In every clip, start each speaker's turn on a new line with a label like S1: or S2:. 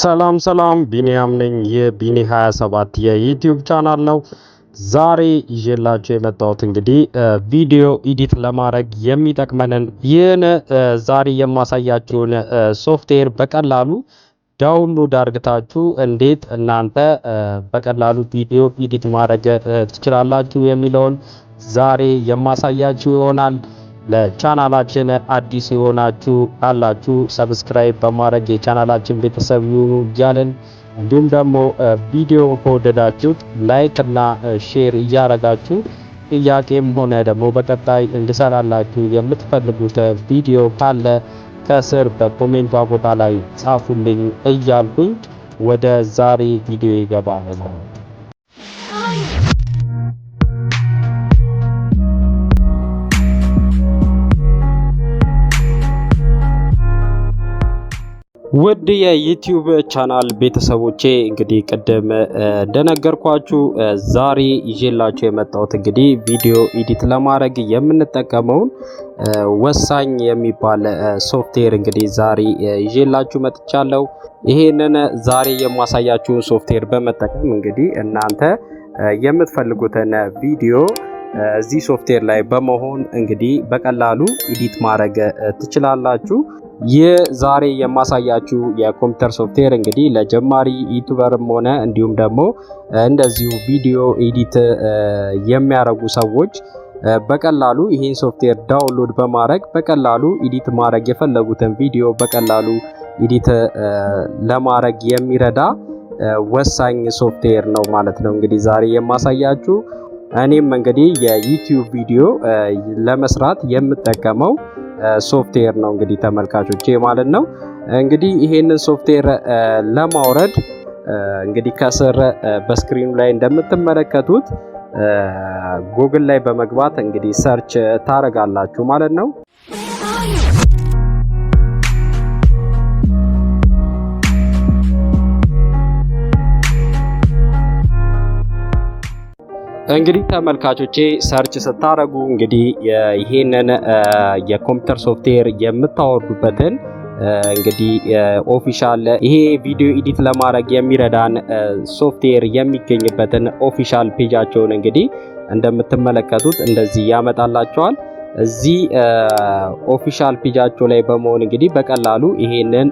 S1: ሰላም ሰላም፣ ቢኒያም ነኝ። የቢኒ 27 የዩቲዩብ ቻናል ነው። ዛሬ ይዤላችሁ የመጣሁት እንግዲህ ቪዲዮ ኢዲት ለማድረግ የሚጠቅመንን ይህን ዛሬ የማሳያችሁን ሶፍትዌር በቀላሉ ዳውንሎድ አድርግታችሁ እንዴት እናንተ በቀላሉ ቪዲዮ ኢዲት ማድረግ ትችላላችሁ የሚለውን ዛሬ የማሳያችሁ ይሆናል። ለቻናላችን አዲስ የሆናችሁ አላችሁ ሰብስክራይብ በማድረግ የቻናላችን ቤተሰብ ይሁኑ እያልን እንዲሁም ደግሞ ቪዲዮ ከወደዳችሁ ላይክ እና ሼር እያረጋችሁ ጥያቄም ሆነ ደግሞ በቀጣይ እንድሰራላችሁ የምትፈልጉት ቪዲዮ ካለ ከስር በኮሜንት ቦታ ላይ ጻፉልኝ እያልኩኝ ወደ ዛሬ ቪዲዮ ይገባል። ውድ የዩቲዩብ ቻናል ቤተሰቦቼ እንግዲህ ቅድም እንደነገርኳችሁ ዛሬ ይዤላችሁ የመጣሁት እንግዲህ ቪዲዮ ኢዲት ለማድረግ የምንጠቀመውን ወሳኝ የሚባል ሶፍትዌር እንግዲህ ዛሬ ይዤላችሁ መጥቻለሁ። ይሄንን ዛሬ የማሳያችሁን ሶፍትዌር በመጠቀም እንግዲህ እናንተ የምትፈልጉትን ቪዲዮ እዚህ ሶፍትዌር ላይ በመሆን እንግዲህ በቀላሉ ኢዲት ማድረግ ትችላላችሁ። ይህ ዛሬ የማሳያችሁ የኮምፒውተር ሶፍትዌር እንግዲህ ለጀማሪ ዩቱበርም ሆነ እንዲሁም ደግሞ እንደዚሁ ቪዲዮ ኤዲት የሚያደርጉ ሰዎች በቀላሉ ይህን ሶፍትዌር ዳውንሎድ በማድረግ በቀላሉ ኤዲት ማድረግ የፈለጉትን ቪዲዮ በቀላሉ ኤዲት ለማድረግ የሚረዳ ወሳኝ ሶፍትዌር ነው ማለት ነው። እንግዲህ ዛሬ የማሳያችሁ እኔም እንግዲህ የዩቲዩብ ቪዲዮ ለመስራት የምጠቀመው ሶፍትዌር ነው እንግዲህ ተመልካቾቼ ማለት ነው። እንግዲህ ይሄንን ሶፍትዌር ለማውረድ እንግዲህ ከስር በስክሪኑ ላይ እንደምትመለከቱት ጉግል ላይ በመግባት እንግዲህ ሰርች ታረጋላችሁ ማለት ነው። እንግዲህ ተመልካቾቼ ሰርች ስታረጉ እንግዲህ ይሄንን የኮምፒውተር ሶፍትዌር የምታወርዱበትን እንግዲህ ኦፊሻል ይሄ ቪዲዮ ኤዲት ለማድረግ የሚረዳን ሶፍትዌር የሚገኝበትን ኦፊሻል ፔጃቸውን እንግዲህ እንደምትመለከቱት እንደዚህ ያመጣላቸዋል። እዚህ ኦፊሻል ፔጃቸው ላይ በመሆን እንግዲህ በቀላሉ ይሄንን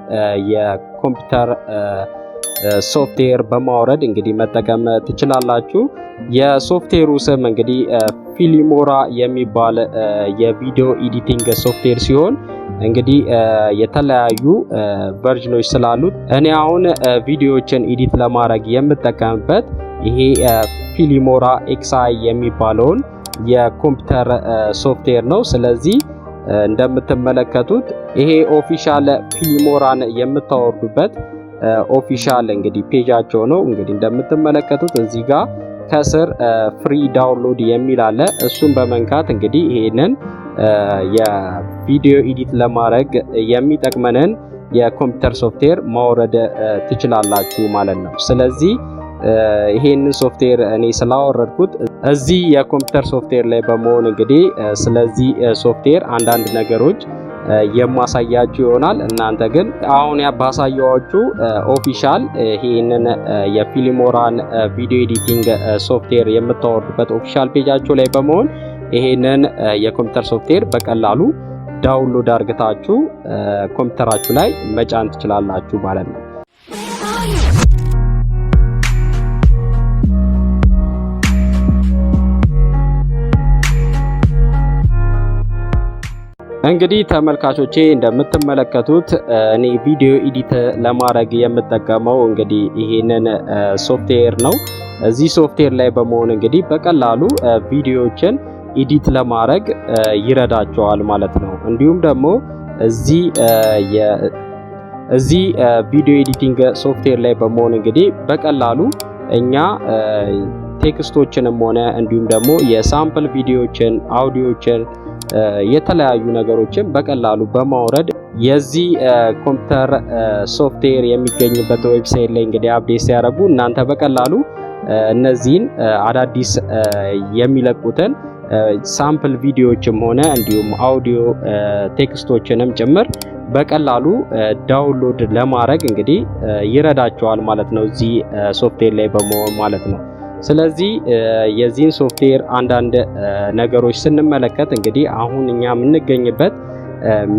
S1: የኮምፒውተር ሶፍትዌር በማውረድ እንግዲህ መጠቀም ትችላላችሁ። የሶፍትዌሩ ስም እንግዲህ ፊሊሞራ የሚባል የቪዲዮ ኤዲቲንግ ሶፍትዌር ሲሆን እንግዲህ የተለያዩ ቨርዥኖች ስላሉት እኔ አሁን ቪዲዮዎችን ኤዲት ለማድረግ የምጠቀምበት ይሄ ፊሊሞራ ኤክስአይ የሚባለውን የኮምፒውተር ሶፍትዌር ነው። ስለዚህ እንደምትመለከቱት ይሄ ኦፊሻል ፊሊሞራን የምታወርዱበት ኦፊሻል እንግዲህ ፔጃቸው ነው። እንግዲህ እንደምትመለከቱት እዚህ ጋር ከስር ፍሪ ዳውንሎድ የሚል አለ። እሱን በመንካት እንግዲህ ይሄንን የቪዲዮ ኤዲት ለማድረግ የሚጠቅመንን የኮምፒውተር ሶፍትዌር ማውረድ ትችላላችሁ ማለት ነው። ስለዚህ ይሄንን ሶፍትዌር እኔ ስላወረድኩት እዚህ የኮምፒውተር ሶፍትዌር ላይ በመሆን እንግዲህ ስለዚህ ሶፍትዌር አንዳንድ ነገሮች የማሳያችሁ ይሆናል። እናንተ ግን አሁን ባሳየኋችሁ ኦፊሻል ይህንን የፊሊሞራን ቪዲዮ ኤዲቲንግ ሶፍትዌር የምታወርዱበት ኦፊሻል ፔጃችሁ ላይ በመሆን ይሄንን የኮምፒውተር ሶፍትዌር በቀላሉ ዳውንሎድ አርግታችሁ ኮምፒውተራችሁ ላይ መጫን ትችላላችሁ ማለት ነው። እንግዲህ ተመልካቾቼ እንደምትመለከቱት እኔ ቪዲዮ ኤዲት ለማድረግ የምጠቀመው እንግዲህ ይሄንን ሶፍትዌር ነው። እዚህ ሶፍትዌር ላይ በመሆን እንግዲህ በቀላሉ ቪዲዮዎችን ኤዲት ለማድረግ ይረዳቸዋል ማለት ነው። እንዲሁም ደግሞ እዚህ እዚህ ቪዲዮ ኤዲቲንግ ሶፍትዌር ላይ በመሆን እንግዲህ በቀላሉ እኛ ቴክስቶችንም ሆነ እንዲሁም ደግሞ የሳምፕል ቪዲዮዎችን፣ አውዲዮዎችን የተለያዩ ነገሮችን በቀላሉ በማውረድ የዚህ ኮምፒውተር ሶፍትዌር የሚገኝበት ዌብሳይት ላይ እንግዲህ አፕዴት ሲያደርጉ እናንተ በቀላሉ እነዚህን አዳዲስ የሚለቁትን ሳምፕል ቪዲዮዎችም ሆነ እንዲሁም አውዲዮ ቴክስቶችንም ጭምር በቀላሉ ዳውንሎድ ለማድረግ እንግዲህ ይረዳቸዋል ማለት ነው። እዚህ ሶፍትዌር ላይ በመሆን ማለት ነው። ስለዚህ የዚህን ሶፍትዌር አንዳንድ ነገሮች ስንመለከት እንግዲህ አሁን እኛ የምንገኝበት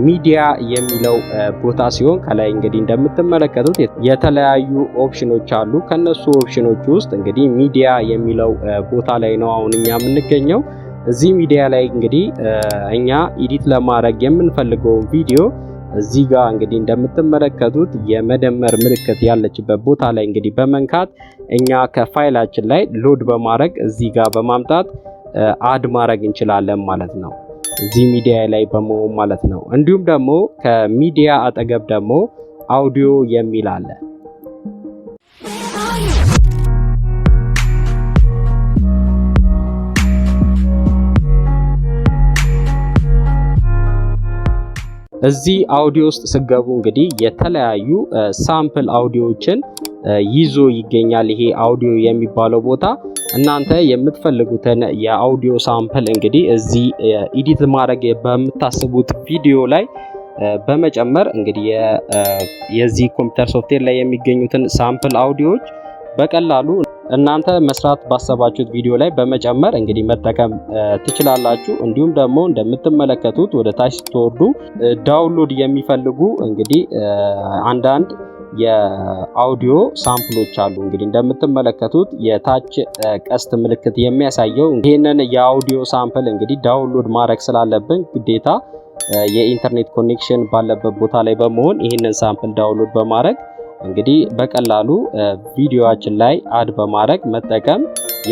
S1: ሚዲያ የሚለው ቦታ ሲሆን ከላይ እንግዲህ እንደምትመለከቱት የተለያዩ ኦፕሽኖች አሉ። ከነሱ ኦፕሽኖች ውስጥ እንግዲህ ሚዲያ የሚለው ቦታ ላይ ነው አሁን እኛ የምንገኘው። እዚህ ሚዲያ ላይ እንግዲህ እኛ ኢዲት ለማድረግ የምንፈልገውን ቪዲዮ እዚህ ጋር እንግዲህ እንደምትመለከቱት የመደመር ምልክት ያለችበት ቦታ ላይ እንግዲህ በመንካት እኛ ከፋይላችን ላይ ሎድ በማድረግ እዚህ ጋር በማምጣት አድ ማድረግ እንችላለን ማለት ነው። እዚህ ሚዲያ ላይ በመሆን ማለት ነው። እንዲሁም ደግሞ ከሚዲያ አጠገብ ደግሞ አውዲዮ የሚል አለ። እዚህ አውዲዮ ውስጥ ስገቡ እንግዲህ የተለያዩ ሳምፕል አውዲዮዎችን ይዞ ይገኛል። ይሄ አውዲዮ የሚባለው ቦታ እናንተ የምትፈልጉትን የአውዲዮ ሳምፕል እንግዲህ እዚህ ኢዲት ማድረግ በምታስቡት ቪዲዮ ላይ በመጨመር እንግዲህ የዚህ ኮምፒውተር ሶፍትዌር ላይ የሚገኙትን ሳምፕል አውዲዮዎች በቀላሉ እናንተ መስራት ባሰባችሁት ቪዲዮ ላይ በመጨመር እንግዲህ መጠቀም ትችላላችሁ። እንዲሁም ደግሞ እንደምትመለከቱት ወደ ታች ስትወርዱ ዳውንሎድ የሚፈልጉ እንግዲህ አንዳንድ የአውዲዮ ሳምፕሎች አሉ። እንግዲህ እንደምትመለከቱት የታች ቀስት ምልክት የሚያሳየው ይህንን የአውዲዮ ሳምፕል እንግዲህ ዳውንሎድ ማድረግ ስላለብን ግዴታ የኢንተርኔት ኮኔክሽን ባለበት ቦታ ላይ በመሆን ይህንን ሳምፕል ዳውንሎድ በማድረግ እንግዲህ በቀላሉ ቪዲዮችን ላይ አድ በማድረግ መጠቀም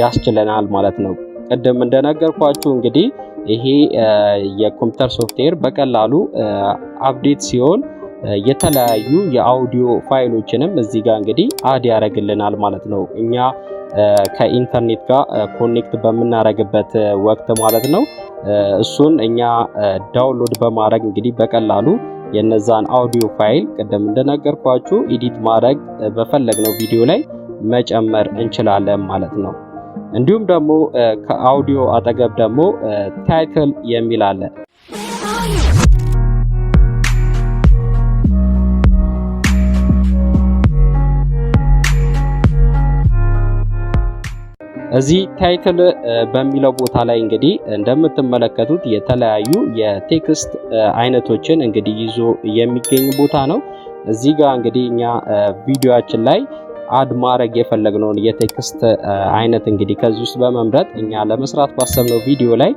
S1: ያስችለናል ማለት ነው። ቅድም እንደነገርኳችሁ እንግዲህ ይሄ የኮምፒውተር ሶፍትዌር በቀላሉ አፕዴት ሲሆን የተለያዩ የአውዲዮ ፋይሎችንም እዚህ ጋር እንግዲህ አድ ያደርግልናል ማለት ነው። እኛ ከኢንተርኔት ጋር ኮኔክት በምናደርግበት ወቅት ማለት ነው። እሱን እኛ ዳውንሎድ በማድረግ እንግዲህ በቀላሉ የነዛን አውዲዮ ፋይል ቅድም እንደነገርኳችሁ ኢዲት ማድረግ በፈለግነው ቪዲዮ ላይ መጨመር እንችላለን ማለት ነው። እንዲሁም ደግሞ ከአውዲዮ አጠገብ ደግሞ ታይትል የሚል አለ። እዚህ ታይትል በሚለው ቦታ ላይ እንግዲህ እንደምትመለከቱት የተለያዩ የቴክስት አይነቶችን እንግዲህ ይዞ የሚገኝ ቦታ ነው። እዚህ ጋር እንግዲህ እኛ ቪዲዮችን ላይ አድ ማድረግ የፈለግነውን የቴክስት አይነት እንግዲህ ከዚህ ውስጥ በመምረጥ እኛ ለመስራት ባሰብነው ቪዲዮ ላይ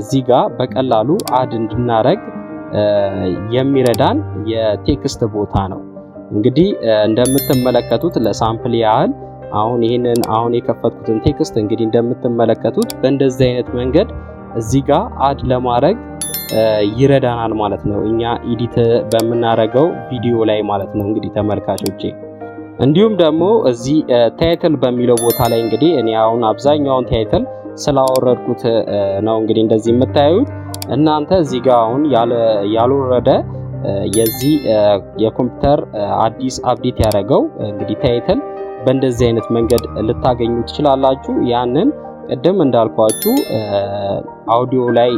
S1: እዚህ ጋር በቀላሉ አድ እንድናረግ የሚረዳን የቴክስት ቦታ ነው። እንግዲህ እንደምትመለከቱት ለሳምፕል ያህል አሁን ይህንን አሁን የከፈትኩትን ቴክስት እንግዲህ እንደምትመለከቱት በእንደዚህ አይነት መንገድ እዚህ ጋር አድ ለማድረግ ይረዳናል ማለት ነው። እኛ ኢዲት በምናደርገው ቪዲዮ ላይ ማለት ነው እንግዲህ ተመልካቾቼ። እንዲሁም ደግሞ እዚህ ታይትል በሚለው ቦታ ላይ እንግዲህ እኔ አሁን አብዛኛውን ታይትል ስላወረድኩት ነው እንግዲህ እንደዚህ የምታዩት። እናንተ እዚህ ጋር አሁን ያልወረደ የዚህ የኮምፒውተር አዲስ አፕዴት ያደረገው እንግዲህ ታይትል በእንደዚህ አይነት መንገድ ልታገኙ ትችላላችሁ። ያንን ቅድም እንዳልኳችሁ አውዲዮ ላይ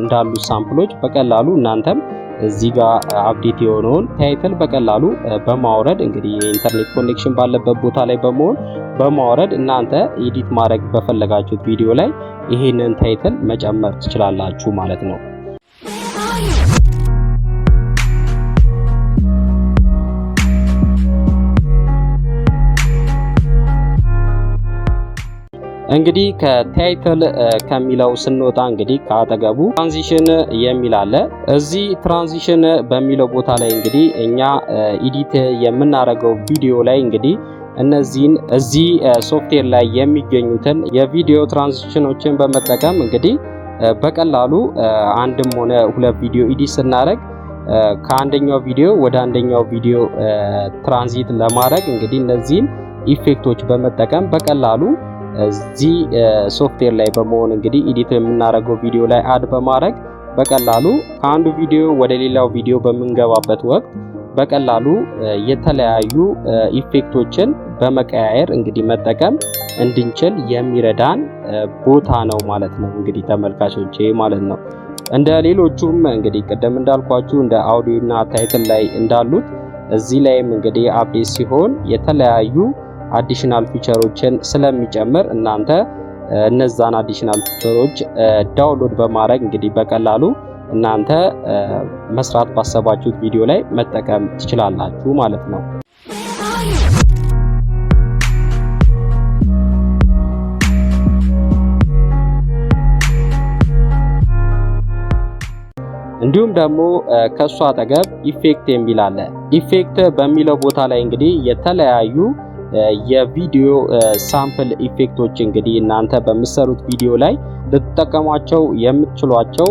S1: እንዳሉ ሳምፕሎች በቀላሉ እናንተም እዚህ ጋር አፕዴት የሆነውን ታይትል በቀላሉ በማውረድ እንግዲህ የኢንተርኔት ኮኔክሽን ባለበት ቦታ ላይ በመሆን በማውረድ እናንተ ኤዲት ማድረግ በፈለጋችሁት ቪዲዮ ላይ ይሄንን ታይትል መጨመር ትችላላችሁ ማለት ነው። እንግዲህ ከታይትል ከሚለው ስንወጣ እንግዲህ ከአጠገቡ ትራንዚሽን የሚል አለ። እዚህ ትራንዚሽን በሚለው ቦታ ላይ እንግዲህ እኛ ኢዲት የምናደርገው ቪዲዮ ላይ እንግዲህ እነዚህን እዚህ ሶፍትዌር ላይ የሚገኙትን የቪዲዮ ትራንዚሽኖችን በመጠቀም እንግዲህ በቀላሉ አንድም ሆነ ሁለት ቪዲዮ ኢዲት ስናደርግ ከአንደኛው ቪዲዮ ወደ አንደኛው ቪዲዮ ትራንዚት ለማድረግ እንግዲህ እነዚህን ኢፌክቶች በመጠቀም በቀላሉ እዚህ ሶፍትዌር ላይ በመሆን እንግዲህ ኢዲት የምናደርገው ቪዲዮ ላይ አድ በማድረግ በቀላሉ ከአንዱ ቪዲዮ ወደ ሌላው ቪዲዮ በምንገባበት ወቅት በቀላሉ የተለያዩ ኢፌክቶችን በመቀያየር እንግዲህ መጠቀም እንድንችል የሚረዳን ቦታ ነው ማለት ነው። እንግዲህ ተመልካቾች ማለት ነው። እንደ ሌሎቹም እንግዲህ ቅድም እንዳልኳችሁ እንደ አውዲዮ እና ታይትል ላይ እንዳሉት እዚህ ላይም እንግዲህ አፕዴት ሲሆን የተለያዩ አዲሽናል ፊቸሮችን ስለሚጨምር እናንተ እነዛን አዲሽናል ፊቸሮች ዳውንሎድ በማድረግ እንግዲህ በቀላሉ እናንተ መስራት ባሰባችሁት ቪዲዮ ላይ መጠቀም ትችላላችሁ ማለት ነው። እንዲሁም ደግሞ ከእሱ አጠገብ ኢፌክት የሚል አለ። ኢፌክት በሚለው ቦታ ላይ እንግዲህ የተለያዩ የቪዲዮ ሳምፕል ኢፌክቶች እንግዲህ እናንተ በምትሰሩት ቪዲዮ ላይ ልትጠቀሟቸው የምትችሏቸው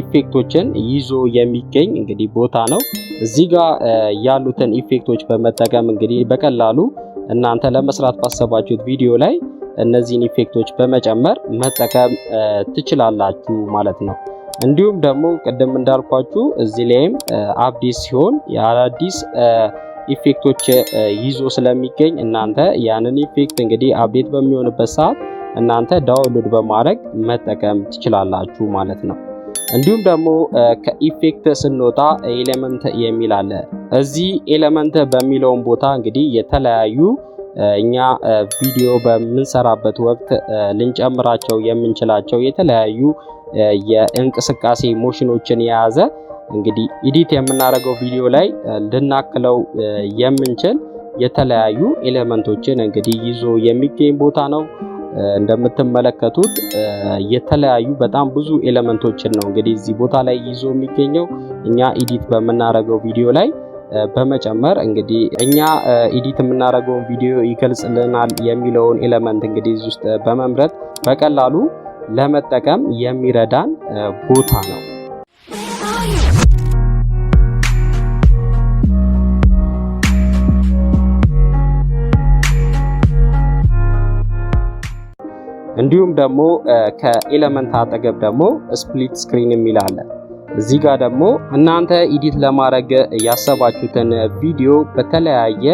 S1: ኢፌክቶችን ይዞ የሚገኝ እንግዲህ ቦታ ነው። እዚህ ጋር ያሉትን ኢፌክቶች በመጠቀም እንግዲህ በቀላሉ እናንተ ለመስራት ባሰባችሁት ቪዲዮ ላይ እነዚህን ኢፌክቶች በመጨመር መጠቀም ትችላላችሁ ማለት ነው። እንዲሁም ደግሞ ቅድም እንዳልኳችሁ እዚህ ላይም አፕዴት ሲሆን የአዳዲስ ኢፌክቶች ይዞ ስለሚገኝ እናንተ ያንን ኢፌክት እንግዲህ አፕዴት በሚሆንበት ሰዓት እናንተ ዳውንሎድ በማድረግ መጠቀም ትችላላችሁ ማለት ነው። እንዲሁም ደግሞ ከኢፌክት ስንወጣ ኤሌመንት የሚል አለ። እዚህ ኤሌመንት በሚለውን ቦታ እንግዲህ የተለያዩ እኛ ቪዲዮ በምንሰራበት ወቅት ልንጨምራቸው የምንችላቸው የተለያዩ የእንቅስቃሴ ሞሽኖችን የያዘ እንግዲህ ኢዲት የምናደርገው ቪዲዮ ላይ ልናክለው የምንችል የተለያዩ ኤሌመንቶችን እንግዲህ ይዞ የሚገኝ ቦታ ነው። እንደምትመለከቱት የተለያዩ በጣም ብዙ ኤሌመንቶችን ነው እንግዲህ እዚህ ቦታ ላይ ይዞ የሚገኘው እኛ ኢዲት በምናደርገው ቪዲዮ ላይ በመጨመር እንግዲህ እኛ ኢዲት የምናደርገውን ቪዲዮ ይገልጽልናል የሚለውን ኤሌመንት እንግዲህ እዚህ ውስጥ በመምረጥ በቀላሉ ለመጠቀም የሚረዳን ቦታ ነው። እንዲሁም ደግሞ ከኤለመንት አጠገብ ደግሞ ስፕሊት ስክሪን የሚል አለ። እዚህ ጋር ደግሞ እናንተ ኢዲት ለማድረግ ያሰባችሁትን ቪዲዮ በተለያየ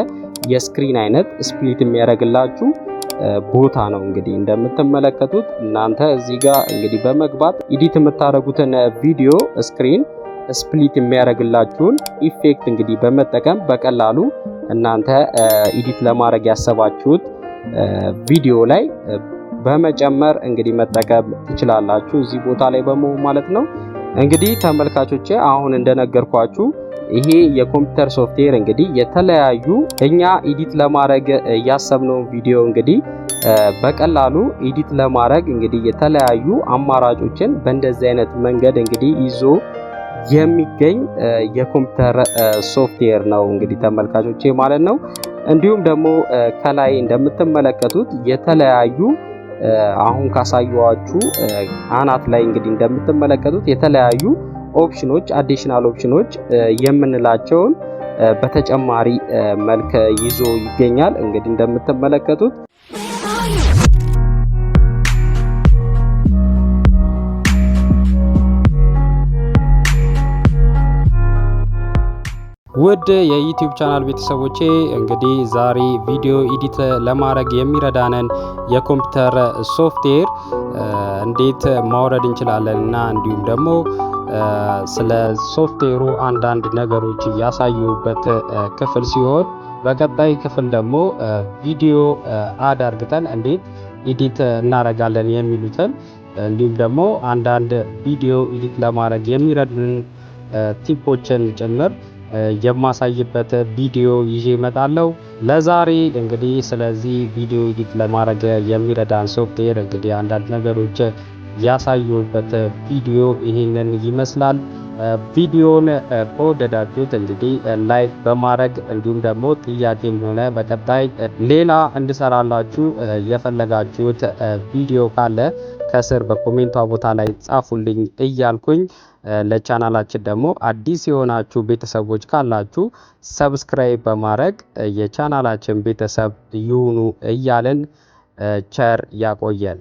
S1: የስክሪን አይነት ስፕሊት የሚያደርግላችሁ ቦታ ነው። እንግዲህ እንደምትመለከቱት እናንተ እዚህ ጋር እንግዲህ በመግባት ኢዲት የምታደርጉትን ቪዲዮ ስክሪን ስፕሊት የሚያደርግላችሁን ኢፌክት እንግዲህ በመጠቀም በቀላሉ እናንተ ኢዲት ለማድረግ ያሰባችሁት ቪዲዮ ላይ በመጨመር እንግዲህ መጠቀም ትችላላችሁ እዚህ ቦታ ላይ በመሆን ማለት ነው። እንግዲህ ተመልካቾች አሁን እንደነገርኳችሁ ይሄ የኮምፒውተር ሶፍትዌር እንግዲህ የተለያዩ እኛ ኢዲት ለማድረግ ያሰብነውን ቪዲዮ እንግዲህ በቀላሉ ኢዲት ለማድረግ እንግዲህ የተለያዩ አማራጮችን በእንደዚህ አይነት መንገድ እንግዲህ ይዞ የሚገኝ የኮምፒውተር ሶፍትዌር ነው እንግዲህ ተመልካቾቼ ማለት ነው። እንዲሁም ደግሞ ከላይ እንደምትመለከቱት የተለያዩ አሁን ካሳየዋችሁ አናት ላይ እንግዲህ እንደምትመለከቱት የተለያዩ ኦፕሽኖች አዲሽናል ኦፕሽኖች የምንላቸውን በተጨማሪ መልክ ይዞ ይገኛል። እንግዲህ እንደምትመለከቱት ውድ የዩቲዩብ ቻናል ቤተሰቦቼ እንግዲህ ዛሬ ቪዲዮ ኢዲት ለማድረግ የሚረዳንን የኮምፒውተር ሶፍትዌር እንዴት ማውረድ እንችላለን እና እንዲሁም ደግሞ ስለ ሶፍትዌሩ አንዳንድ ነገሮች ያሳዩበት ክፍል ሲሆን በቀጣይ ክፍል ደግሞ ቪዲዮ አዳርግተን እንዴት ኢዲት እናደርጋለን የሚሉትን እንዲሁም ደግሞ አንዳንድ ቪዲዮ ኢዲት ለማድረግ የሚረዱን ቲፖችን ጭምር የማሳይበት ቪዲዮ ይዤ እመጣለሁ። ለዛሬ እንግዲህ ስለዚህ ቪዲዮ ኤዲት ለማድረግ የሚረዳን ሶፍትዌር እንግዲህ አንዳንድ ነገሮች ያሳዩበት ቪዲዮ ይህንን ይመስላል። ቪዲዮን ከወደዳችሁት እንግዲህ ላይክ በማድረግ እንዲሁም ደግሞ ጥያቄም ሆነ በቀጣይ ሌላ እንድሰራላችሁ የፈለጋችሁት ቪዲዮ ካለ ከስር በኮሜንቷ ቦታ ላይ ጻፉልኝ እያልኩኝ ለቻናላችን ደግሞ አዲስ የሆናችሁ ቤተሰቦች ካላችሁ ሰብስክራይብ በማድረግ የቻናላችን ቤተሰብ ይሁኑ እያልን ቸር ያቆየን።